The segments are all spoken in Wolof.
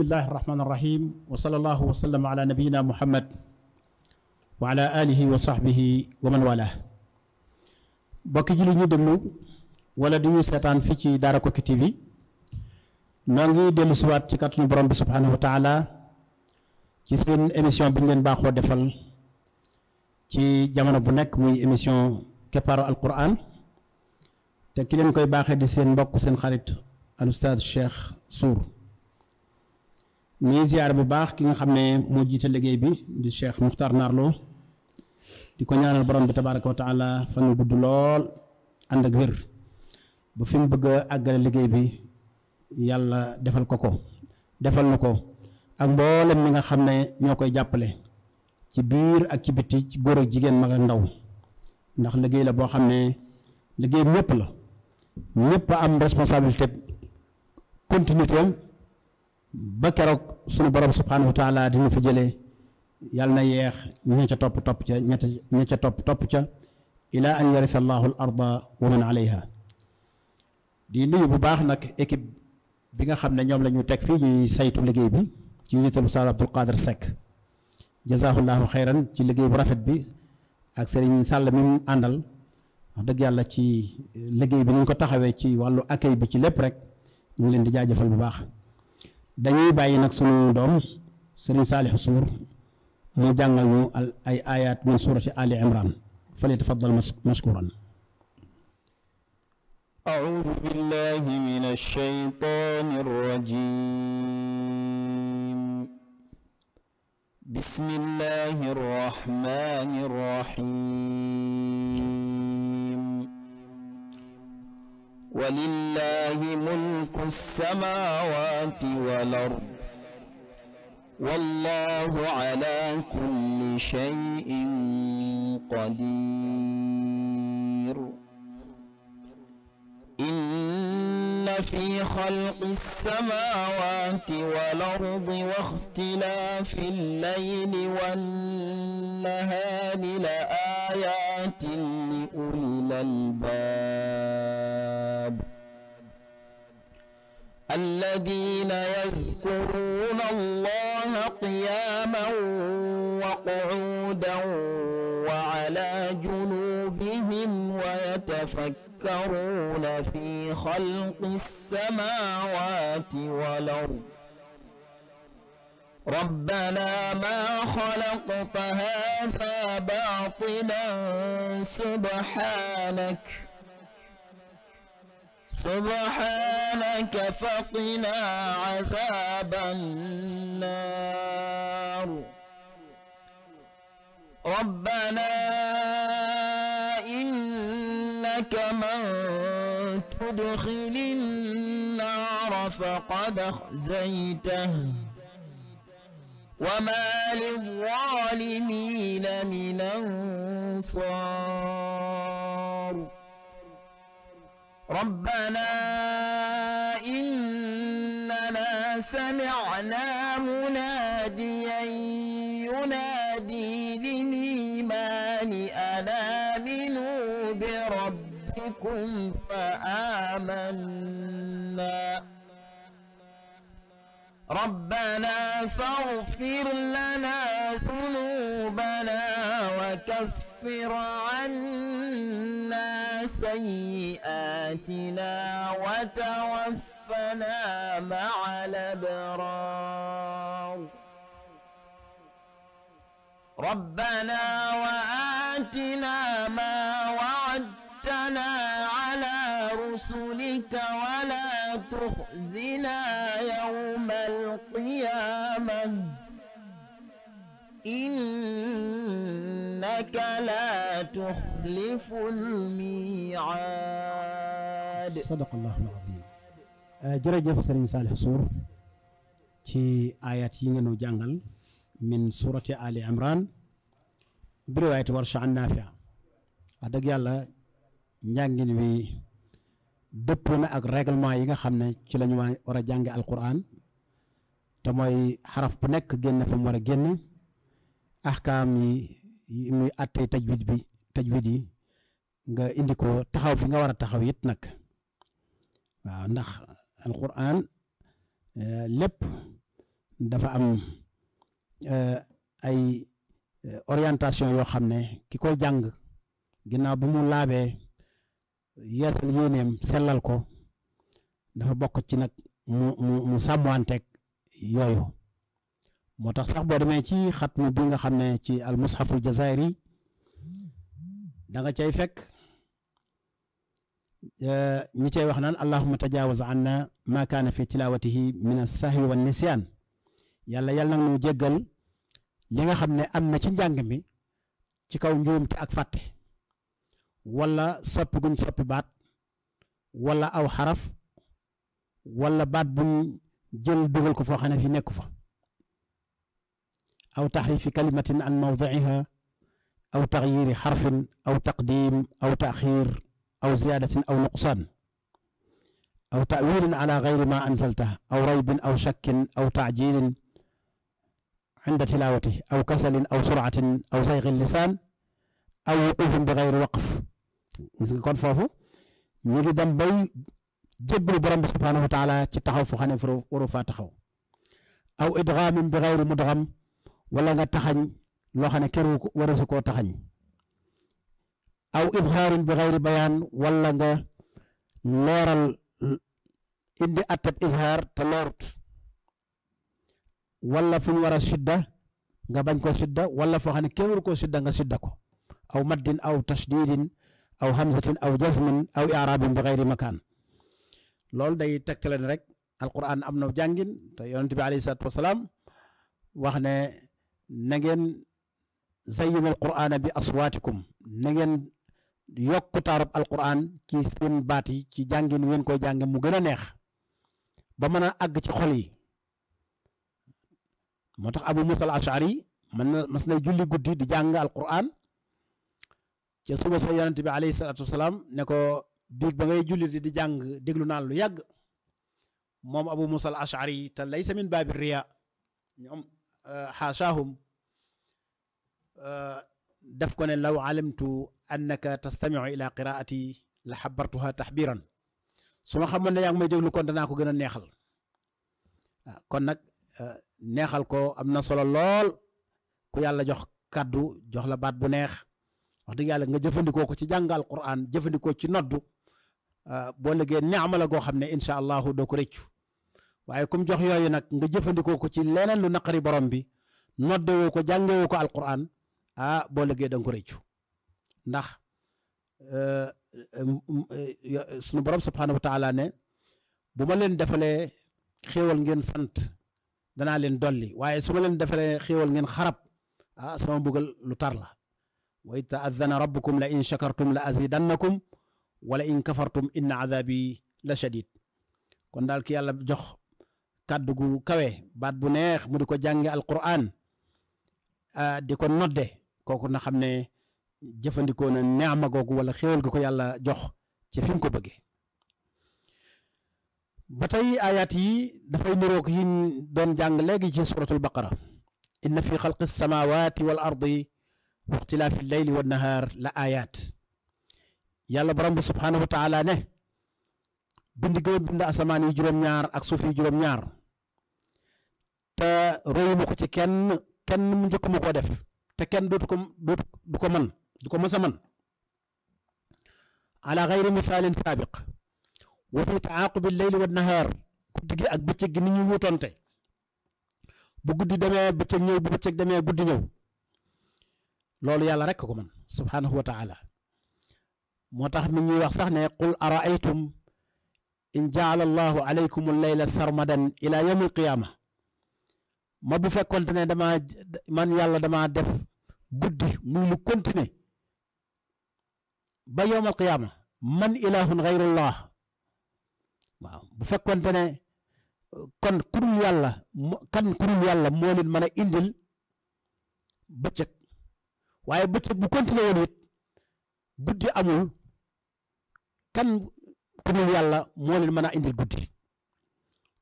bismillahi irrahmani irrahim wa sallallahu wa sallam ala nabiyina muhammad wa ala alihi wa sahbihi wa man bokki ji li ñu déglu wala di ñu seetaan fii ci Daara Koki TV noo ngi dellu siwaat ci kàttanu borom bi subhanahu wa taala ci seen émission bi ñu leen baaxoo defal ci jamono bu nekk muy émission keppaaru alquran te ki leen koy baaxee di seen mbokk seen xarit al oustaz Cheikh Sour ñuy ziar bu baax ki nga xam ne moo jiite liggéey bi di Cheikh Muxtar Narlo di ko ñaanal borom bi tabaaraka wa taala fan gudd lool ànd ak wér ba fi mu bëgg a àggale liggéey bi yàlla defal ko ko defal na ko ak mboolem mi nga xam ne ñoo koy jàppale ci biir ak ci biti ci góor ak jigéen mag ak ndaw ndax liggéey la boo xam ne liggéey ñëpp la ñëpp am responsabilité continuité ba keroog sunu borom subhanahu wa taala dina fi jëlee yàlla na yeex ña ca topp topp ca ña ña ca topp topp ca ila an yarisa allahu al arda wa man alayha di nuyu bu baax nag équipe bi nga xam ne ñoom la ñu teg fii ñuy saytu liggéey bi ci njiitalu Oustaz Abdul Qadir Seck jazaahullahu xeyran ci liggéey bu rafet bi ak Serigne Sall mi mu àndal wax dëgg yàlla ci liggéey bi ni ñu ko taxawee ci wàllu accueil bi ci lépp rek ñu leen di jaajëfal bu baax dañuy bàyyi nag sunu doom sëriñ saalix suur mu jàngal ñu ay ayaat min suurati ali imran fal yatafaddal mashkuran أعوذ بالله من الشيطان الرجيم بسم الله الرحمن الرحيم ولله ملك السماوات والأرض والله على كل شيء قدير إن في خلق السماوات والأرض واختلاف الليل والنهار لآيات لأولي الألباب الذين يذكرون الله قياما وقعودا وعلى جنوبهم ويتفكرون في خلق السماوات والأرض ربنا ما خلقت هذا باطلا سبحانك سبحانك فقنا عذاب النار ربنا إنك من تدخل النار فقد أخزيته وما للظالمين من أنصار ربنا إننا سمعنا مناديا ينادي للإيمان أن آمنوا بربكم فآمنا ربنا فاغفر لنا ذنوبنا وكفر عنا سيئاتنا وتوفنا مع الأبرار ربنا وآتنا ما وعدتنا على رسلك ولا تخزنا يوم القيامة إنك لا تخزنا يخلف a صدق الله العظيم ci ayat yi ngeen jàngal min surati Ali Imran bi riwaayati Warsha an Naafi dëgg yàlla njàngin wi dëppoo ak règlement yi nga xam ne ci la ñu war a jànge alquran te mooy xaraf bu nekk génn fa mu war a génn ahkaam yi muy àttee tajwid bi tajwid yi nga indi ko taxaw fi nga war a taxaw it nag waaw ndax alquran eh, lépp dafa am eh, ay eh, orientation yoo xam ne ki koy jàng ginnaaw bu mu laabee yeesal yéeneem sellal ko dafa bokk ci nag mu mu mu sàmmanteeg yooyu moo tax sax boo demee ci xatmu bi nga xam ne ci almushaful jazairi da nga cay fekk eh, ñu cay wax naan allahuma tajawaz anna ma kaana fi tilawatihi min as-sahwi wa nisyan yàlla yàlla na nu jéggal li nga xam ne am na ci njàng mi ci kaw njuumte ak fàtte walla soppi guñ soppi baat wala aw xaraf wala baat buñ jël dugal ko foo xam ne fi nekku fa aw taxrifi kalimatin an mawdiiha aw taxyiiri xarfin aw taqdiim aw taaxiir aw ziyaadatin aw nuqsaan aw taawilin ala gayri ma anzalta aw raybin aw shakkin aw taajilin inda tilaawati aw kasalin aw surcatin aw sayxin lisaan aw wuqufin bi gayri waqf gis nga kon foofu ñu ngi dem bay jébbalu borom bi subhaanahu wa taala ci taxaw fu xam ne waru faa taxaw aw idgaamin bi gayri mudgam wala nga taxañ loo xam ne keru war a su koo taxañ aw ifxaarin bi xayri bayaan walla nga leeral indi attab izhaar te leerut walla fu ñu war nga bañ ko sidda walla foo xam ne kenn waru koo sidda nga sidda ko aw maddin aw tashdidin aw hamzatin aw jazmin aw i'raabin bi xayri makaan loolu day tegtale ne rek alquran am na jàngin te yonent bi alayhi salaatu wasalaam wax ne zayyinal qur'aana bi aswaatikum na ngeen yokk taarab alqur'aan ci seen baat yi ci jàngin ngeen ko jànge mu gën a neex ba mën a àgg ci xol yi moo tax abu musa al ashari mën na mas na julli guddi di jàng alqur'aan ca suba sa yonent bi alayhi salaatu wasalaam ne ko biig ba ngay julli di di jàng déglu naan lu yàgg moom abu musa al ashari te laysa min baabi riya ñoom xaasaahum euh, def ko ne law alimtu annaka tastamiu ila qiraati la xabartuha taxbiran su ma xamoon ne yaa ngi may déglu kon danaa ko gën a neexal kon nag neexal ko am na solo lool ku yàlla jox kàddu jox la baat bu neex wax dëgg yàlla nga jëfandikoo ko ci jàngal Qur'an jëfandikoo ci noddu boo liggéey neexma la goo xam ne incha allah doo ko rëccu waaye kum jox yooyu nag nga jëfandikoo ko ci leneen lu naqari borom bi noddewoo ko jàngewoo ko Alqur'an. ah boo liggéey da nga ko rëccu ndax eh, eh, eh, sunu borom subhaanahu wa taala ne bu ma leen defalee xéewal ngeen sant danaa leen dolli waaye su ma leen defalee xéewal ngeen xarab ah sama mbugal lu tar la wa id taadana rabbukum la in shakartum la azidannakum wala in kafartum inna azabi la shadid kon daal ki yàlla jox kàddu gu kawe baat bu neex mu di ko jànge alquran ah, di ko nodde kooku na xam ne jëfandikoo na neama googu wala xéewal gi ko yàlla jox ci fi ko bëggee ba tey ayaat yi dafay niroog yi ñu doon jàng léegi ci suratul baqara inna fi xalqi samawati wal ardi wa ixtilaafi leyli wa nahaar la ayaat yàlla borom bi subhaanahu wa taala ne bind gëma bind asamaan yi juróom-ñaar ak suuf yi juróom-ñaar te royuma ko ci kenn kenn mu njëkkuma koo def te kenn dootu ko dootu du ko man du ko mës a man ala xayri misaalin saabiq wa fi taaqubi leyli wa nahaar guddi gi ak bëccëg gi ni ñu wuutonte bu guddi demee bëccëg ñëw bu bëccëg demee guddi ñëw loolu yàlla rek ko man subhaanahu wa taala moo tax mi ñuy wax sax ne qul araaytum in jaala allahu alaykum leyla sarmadan ila yawmi alqiyaama ma bu fekkonte ne dama man yàlla dama def guddi muy lu ba yowmal qiyaama man ilahun xayrullah waaw bu fekkonte ne kon kurul yàlla kan kurul yàlla moo leen mën a indil bëccëg waaye bëccëg bu continuer woon guddi amul kan kurul yàlla moo leen mën a indil guddi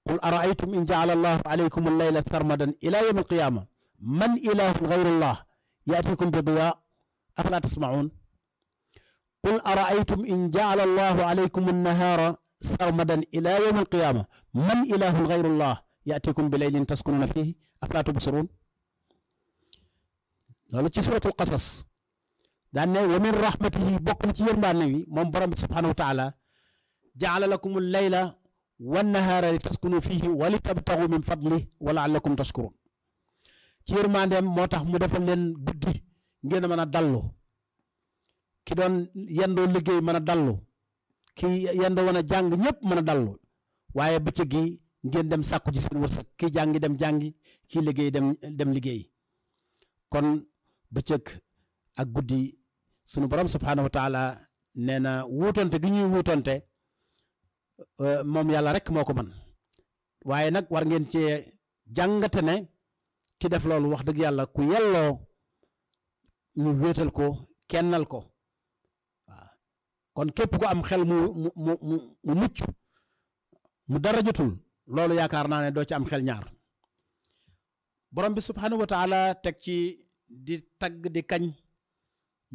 qul araaytum in jaala allahu alaykum al layla sarmadan ila yowm alqiyaama man ilahun xayrullah yaatikum bidiyaa afalaa tasma'uun qul araaytum in jaala allahu alaykum annahaara sarmadan ila yowm alqiyaama man ilahun gayrullah yaatikum bi leylin taskunuuna fiihi afalaa tubsiruun loolu ci suratul qasas daan ne wa min rahmatihi bokk na ci yërmaane wi moom borom bi subhaanahu wa taala jaala lakum alleyla wannahaara li taskunu fiihi wa li tabtagu min fadlih wa laallakum tashkuruun ci yërmandeem moo tax mu defal leen guddi ngeen mën a dallu ki doon yendoo liggéey mën a dallu ki yendoo mën a jàng ñépp mën a dallu waaye bu gi ngeen dem sàkku ci seen wërsëg kii jàngi dem jàngi kii liggéey dem dem liggéey kon bëccëg ak guddi sunu borom subhaanahu wa taala nee na wuutonte gi ñuy wuutonte euh, moom yàlla rek moo ko mën waaye nag war ngeen cee jàngate ne ki def loolu wax dëgg yàlla ku yelloo ñu wéetal ko kennal ko waaw kon képp ku am xel mu mu mu mu mucc mu dara jotul loolu yaakaar naa ne doo ci am xel ñaar borom bi subhanahu wa teg ci di tagg di kañ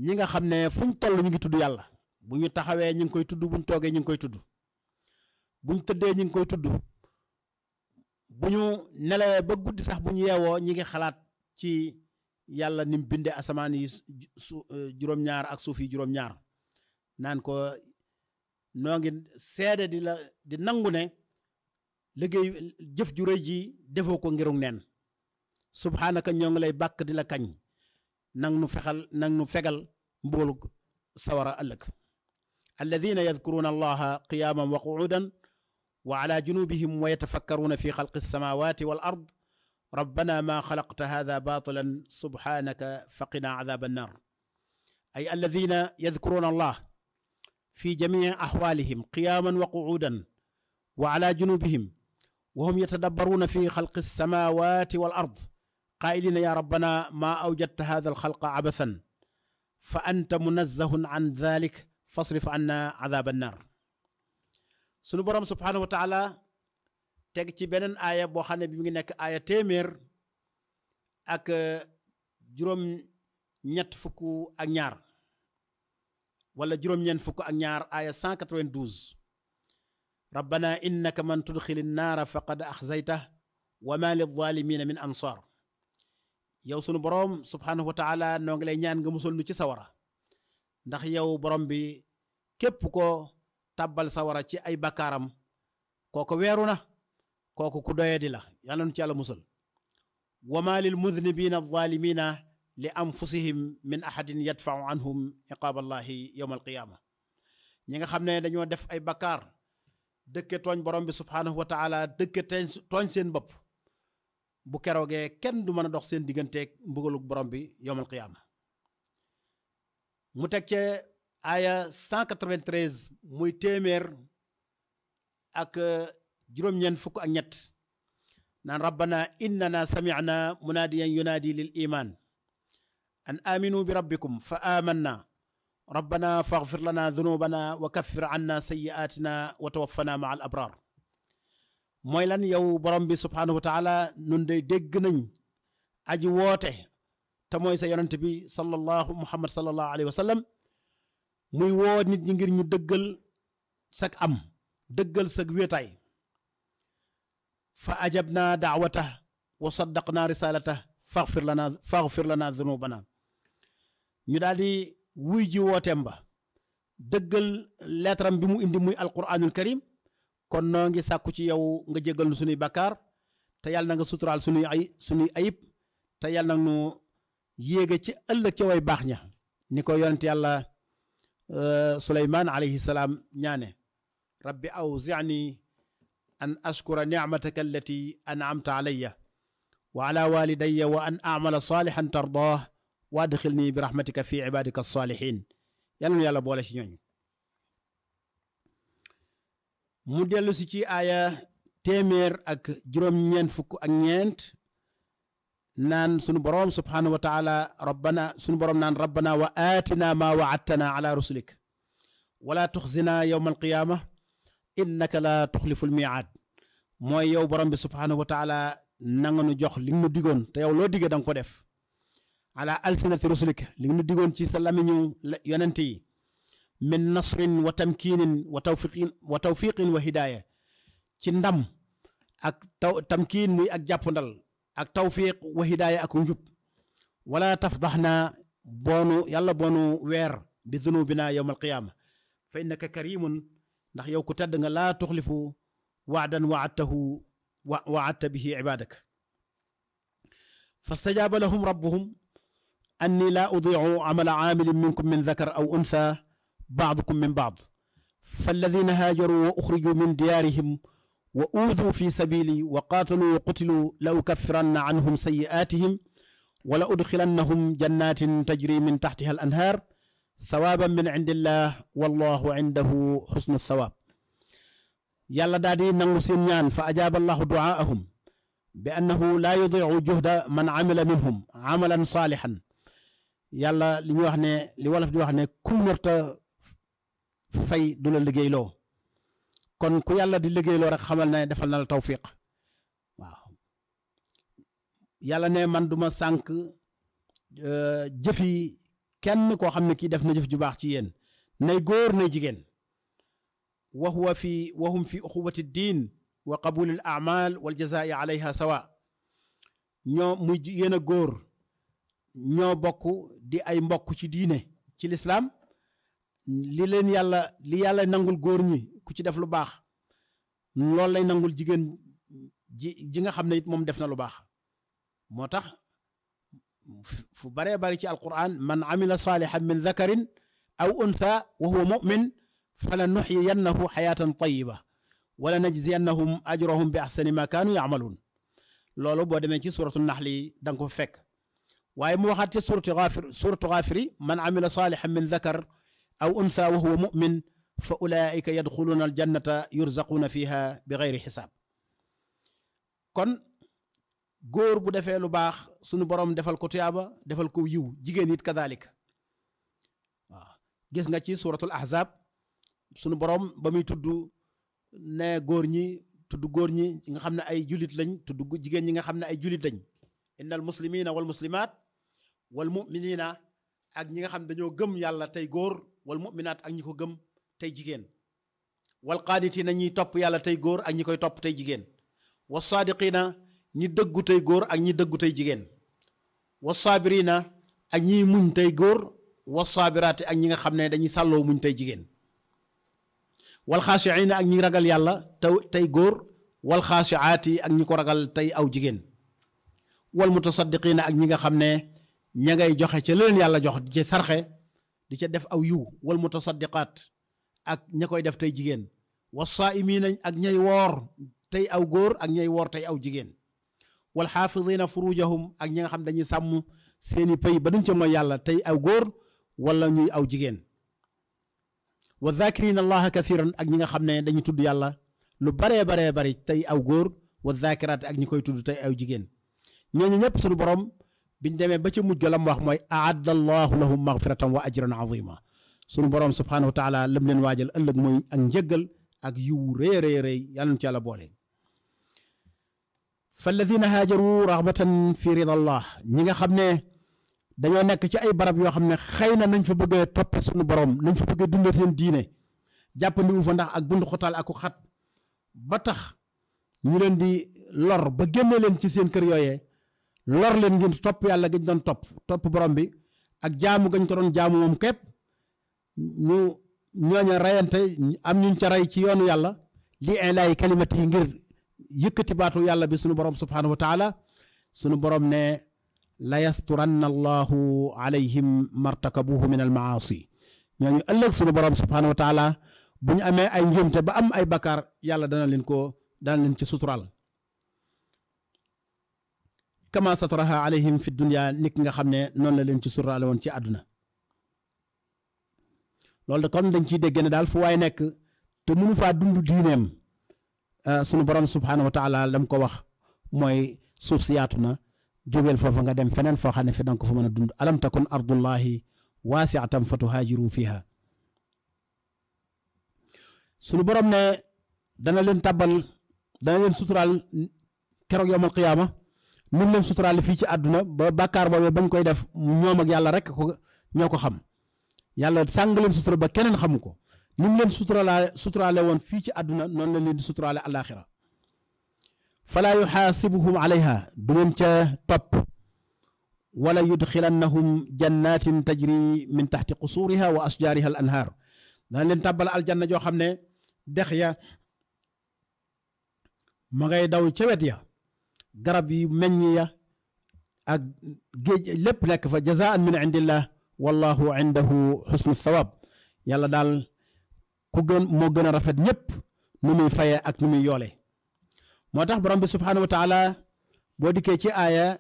ñi nga xam ne fu ñu toll ñu ngi tudd yàlla bu ñu taxawee ñu ngi koy tudd bu ñu toogee ñu ngi koy tudd bu ñu tëddee ñu ngi koy tudd bu ñu nelawee ba guddi sax bu ñu yeewoo ñi ngi xalaat ci yàlla ni mu bindee asamaan yi su eh, juróom-ñaar ak suufi yi juróom-ñaar naan ko noo ngi seede di la di nangu ne liggéey jëf ju ji defoo ko ngirug neen subhaanaka ñoo ngi lay bàkk di la kañ nang nu fexal nang nu fegal mbugalu sawara ëllëg alladina yadkuruna allaha qiyaaman wa quudan wa ala junubihim wa yatafakkaruuna fi xalqi alsamawati wal ard rabbana ma xalaqta hada batilan subhanaka faqina adab annar ay alladina yadkuruna allah fi jamici axwalihim qiyaaman wa qucuudan wa ala junubihim wa hum yatadabbaruuna fi xalqi alsamawati wal ard qaa'iliina ya rabbana ma awjadta hada alxalqa abathan fa anta munazzahun an dhalik fasrif anna adab annar sunu borom subhanahu wa taala teg ci beneen aaya boo xam ne bi mu ngi nekk aaya téeméer ak euh, juróom ñett fukk ak ñaar wala juróom-ñeent fukk ak ñaar aaya 192 rabbana innaka man tudxili naar faqad axzaytah wa ma lil zalimina min ansar yow sunu boroom subhanahu wa taala noo lay ñaan nga musal nu ci sawara ndax yow borom bi képp ko tàbbal sawara ci ay bakkaaram kooku weeru na kooku ku doyadi la yàlla nu ci yàlla musal wa ma lil mudnibina adh li anfusihim min ahadin yadfa'u anhum iqaab allahi yawma alqiyaama ñi nga xam ne dañoo def ay bakkaar dëkke tooñ borom bi subhaanahu wa taala tooñ seen bopp bu keroogee kenn du mën a dox seen digganteeg mbugalug borom bi yawma alqiyaama mu teg cee aaya 193 muy téeméer ak euh, juróom-ñeent fukk ak ñett naan rabbana innana sami'na munaadiyan yunaadi lil an aminu bi rabbikum fa amanna rabbana faghfir lana dhunubana wa kaffir anna sayyi'atina wa tawaffana ma'al abrar mooy lan yow borom bi subhanahu wa taala nun day dégg aji woote te mooy sa yonent bi sallallahu muhammad sallallahu alayhi wa sallam muy woo nit ñi ngir ñu dëggal sag am dëggal sag wéetaay fa ajab naa daawata wa saddaq naa risaalata faxfir lana faxfir lana ñu daal di wuy ji wooteem ba dëggal leetaram bi mu indi muy alquranul karim kon noo ngi sàkku ci yow nga jéggal nu sunuy bakkaar te yàlla na nga suturaal sunuy ay sunuy ayib te yàlla na nu yéege ci ëllëg ca way baax ña ni ko yonent yàlla suleymaan alayhi salaam ñaane rabbi awzicni an ashkura nicmataka allati ancamta alayya wa ala walidaya wa an acmala saalixan tardaah wa adxilni bi raxmatika fi cibaadika alsaalixiin yàlla nu yàlla boole ci ñooñu mu dellu si ci aaya téeméer ak juróom-ñeent fukk ak ñeent naan sunu borom subhanahu wa rabbana sunu borom naan rabbana wa aatina ma waadtana ala rusulik wala tuxzina yowma alqiyaama innaka la tuxlifu almiaad mooy yow borom bi subhanahu wa taala nu jox li nga nu digoon yow loo diggee danga ko def ala alsinati rusulik li nga nu ci sa lamiñu yonent yi min nasrin wa tamkiinin wa tawfiqin wa tawfiqin ci ndam ak taw tamkiin muy ak jàppandal ak tawfiq wa hidaaya ak njub wala tafdax naa boonu yàlla boonu weer bi dunubina yowm alqiyaama fa innaka karimun ndax yow ku tedd nga laa tuxlifu waadan waadtahu wa waadta bihi ibaadak fastajaaba lahum rabbuhum anni laa udiicu amala aamilin minkum min dakar aw unsa baadukum min baad فالذين هاجروا وأخرجوا من ديارهم wa uuduu fi sabili wa qaataluu wa qutiluu la ukaffiranna anhum sayyi'aatihim wa la udxilannahum jannatin tajri min taxtiha al anhaar sawaaban min indillah wallahu indahu xusnu sawaab yàlla daal di nangu seen ñaan fa ajaaba allahu duaahum bi annahu laa yudiicu juhda man amila minhum amalan saalixan yàlla li ñuy wax ne li wolof di wax ne ku mërta fay du la liggéeyloo kon ku yàlla di liggéeyloo rek xamal ne defal na la tawfiq waaw yàlla ne man duma sànq euh, jëf yi kenn koo xam ne kii def na jëf ju baax ci yéen nay góor nay jigéen wa huwa fi wa hum fi uxuwati diin wa qabulil wal jazai alayha sawa ñoo muy jigéen a góor ñoo bokk di ay mbokk ci diine ci lislaam li leen yàlla li yàlla nangul góor ñi ku ci def lu baax loolu lay nangul jigéen ji ji nga xam ne it moom def na lu baax moo tax fu baree bari ci alquran man amila saalihan min zakarin aw untha wa huwa mumin fala nuxyiyannahu xayaatan tayiba wala najziyannahum ajrahum bi axsani ma kaanu yaamaluun loolu boo demee ci suratu naxli da nga fekk waaye mu waxaat ci man amila saalihan min zakar aw untha wa huwa mumin fa ulaika yadxuluuna al jannata yurzaquuna fiha bi xeyri xisaab kon góor bu defee lu baax sunu borom defal ko tuyaaba defal ko yiw jigéen it kadalik waaw gis nga ci suratul ahzab sunu borom ba muy tudd ne góor ñi tudd góor ñi nga xam ne ay julit lañ tudd jigéen ñi nga xam ne ay julit lañ innal muslimina wal muslimaat wal muminina ak ñi nga xam dañoo gëm yàlla tey góor wal muminaat ak ñi ko gëm tey jigéen wal qaanitina ñuy topp yàlla tey góor ak ñi koy topp tey jigéen wa na ñi dëggu tey góor ak ñi dëggu tey jigéen wa saabirina ak ñiy muñ tey góor wa saabiraati ak ñi nga xam ne dañuy sàlloo muñ tey jigéen wal xaashiina ak ñi ragal yàlla taw tey góor wal xaashiaati ak ñi ko ragal tey aw jigéen wal mutasaddiqina ak ñi nga xam ne ña ngay joxe ca leen yàlla jox di ca sarxe di ca def aw yiw wal mutasaddiqaat ak ña koy def tey jigéen wa saa'imiina ak ñay woor tey aw góor ak ñay woor tey aw jigéen wal xaafidiina furujahum ak ñi nga xam dañuy sàmm seeni pay ba duñ ca yàlla tey aw góor wala ñuy aw jigéen wa zaakiriina allaha kathiran ak ñi nga xam ne dañuy tudd yàlla lu bare baree bari tey aw góor wa zaakiraat ak ñi koy tudd tey aw jigéen ñoo ñëpp sunu borom biñ demee ba ca mujj la mu wax mooy aadda allahu lahum magfiratan wa ajran azima sunu borom subhaanahu wa taala leen waajal ëllëg mooy ak njëggal ak yiw rëy rëy rëy yàlla nu ci yàlla boole. falladina haajaru raxbatan fi ridallah ñi nga xam ne dañoo nekk ci ay barab yoo xam ne xëy na nañ fa bëggee toppe sunu borom nañ fa bëggee dundal seen diine jàppandiwu fa ndax ak bund xotaal ak xat ba tax ñu leen di lor ba génne leen ci seen kër yooyee lor leen ngir topp yàlla gañ doon topp topp borom bi ak jaamu gañ ko doon jaamu képp. ñu ñooña rayante am ñuñ ca rey ci yoonu yàlla li ilaay kalimat ngir yëkkati baatu yàlla bi sunu borom subhaanahu wa taala sunu boroom ne la yasturanna allahu alayhim martakabuhu min almaasi ñooñu ëllëg sunu borom subhaanahu wa bu ñu amee ay njuumte ba am ay bakkaar yàlla dana leen ko dana leen ci suturaal kama sataraha alayhim fi dunya nit nga xam ne noonu la leen ci suturaale woon ci àdduna loolu de kon dañ ciy dégg ne daal fu waay nekk te mënu faa dund diineem euh, sunu borom subhaanahu wa taala lam ko wax mooy suuf si na jógeel foofu nga dem feneen foo xam ne fi danga ko fa mën a dund alam takun ardullahi atam fa tuhaajiru fiha sunu borom ne dana leen tàbbal dana leen suturaal keroog yowmal qiyaama mun leen suturaal fii ci àdduna ba bàkkaar boobee bañ koy def ñoom ak yàlla rek ko ñoo ko xam yàlla sàng leen ba keneen xamu ko ni mu leen suturaale suturaale woon fii ci àdduna noonu lañ leen di suturaale àllaaxira falaa yuxaasibuhum alayha du ca topp wala yudxilannahum jannatin tajri min taxti qusuuriha wa asjaariha al anhaar dana leen tàbbal aljanna joo xam ne dex ya ma ngay daw ca wet ya garab yi meññ ya ak géej lépp nekk fa jazaan min indillah wallahu indahu xusnu sawab yàlla daal ku gën moo gën a rafet ñëpp nu muy faye ak nu muy yoole moo tax borom bi subhaanahu wa boo dikkee ci aaya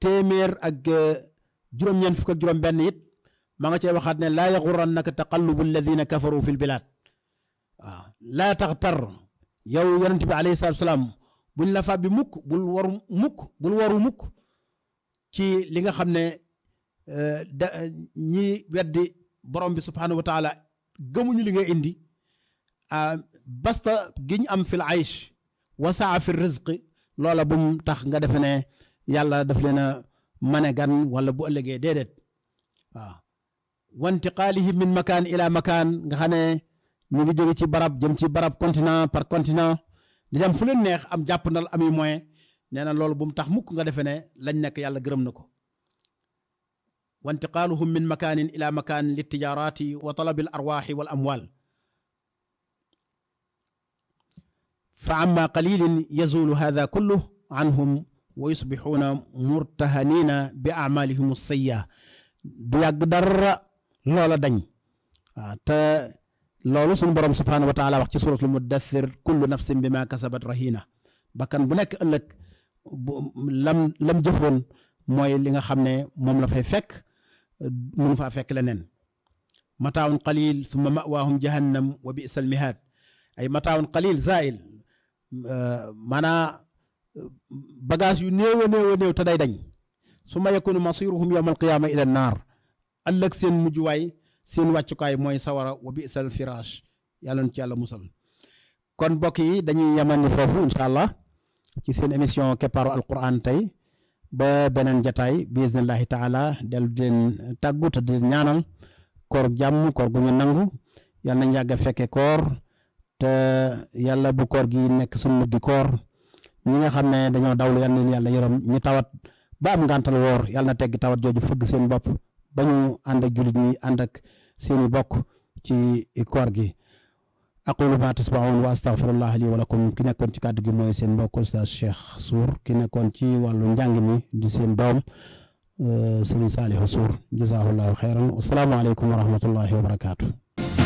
téeméer ak euh, juróom-ñeent fukk ak juróom-benn it ma nga cee waxaat ne laa yaxurannaka taqallubu alladina kafaru fi lbilaad waaw laa taxtar yow yonente bi salaam buñ la fàbbi mukk mukk bul waru mukk ci li nga xam ne Eh, da eh, ñi weddi borom bi subhaanahu wa gëmuñu li nga indi ah, basta gi ñu am fil aish wasaa fi rizqi loola bu mu tax nga defe ne yàlla daf leen a mane gan wala bu ëllëgee déedéet waaw wantiqaalihim min makaan ila makaan nga xam ne ñu ngi jóge ci barab jëm ci barab continent par continent di dem fu leen neex am jàpp jàppandal ami moyen nee na loolu bu mu tax mukk nga defe ne lañ nekk yàlla gërëm na ko wa intiqaaluhum min makaanin ila makaanin li tijaaraati wa talabi al arwaaxi wal amwaal fa amma qalilin yazulu hada kulluhu anhum wa yusbixuuna murtahaniina bi acmaalihim as-sayyi'a du yàgg dara loola dañ waaw ah, te loolu sunu borom subhaanahu wa taala wax ci suuratul muddathir kullu nafsin bimaa kasabat rahiina bakkan bu nekk ëllëg lam lam jëfoon mooy li nga xam ne moom la fay fekk mënu faa fekk leneen mataawun qalil summa mawaahum jahannam wa bi'sal mihaad ay mataawun qalil zail maanaa bagage yu néew a néew te day dañ summa yakunu masiruhum yawma alqiyaama ila naar ëllëg seen mujjuwaay seen wàccukaay mooy sawara wa bi'sal firaash yàlla nu ci yàlla musal kon mbokk yi dañuy yemandi foofu incha allah ci seen émission keppaaru alquran tey ba beneen jataay bi isnillahi taala dellu di leen tàggu te di ñaanal koor jàmm koor gu ñu nangu yàlla nañ yàgg a fekke koor te yàlla bu koor gi nekk suñu mujj koor ñi nga xam ne dañoo dawlu yàlla leen yàlla yërëm ñu tawat ba am ngàntal woor yàlla na tegg tawat jooju fëgg seen bopp ba ñu ànd ak jullit ñi ànd ak seeni bokk ci koor gi aqulu ma tasmaun wa astaghfirullah li wa lakum ki nekkoon ci kàddu gi mooy seen mbokk Oustaz Cheikh Sour ki nekkoon ci wàllu njàng mi di seen doom euh, Serigne Saliou Sour jazaahullahu xeyran wasalaamu aleykum wa rahmatullahi wa barakaatu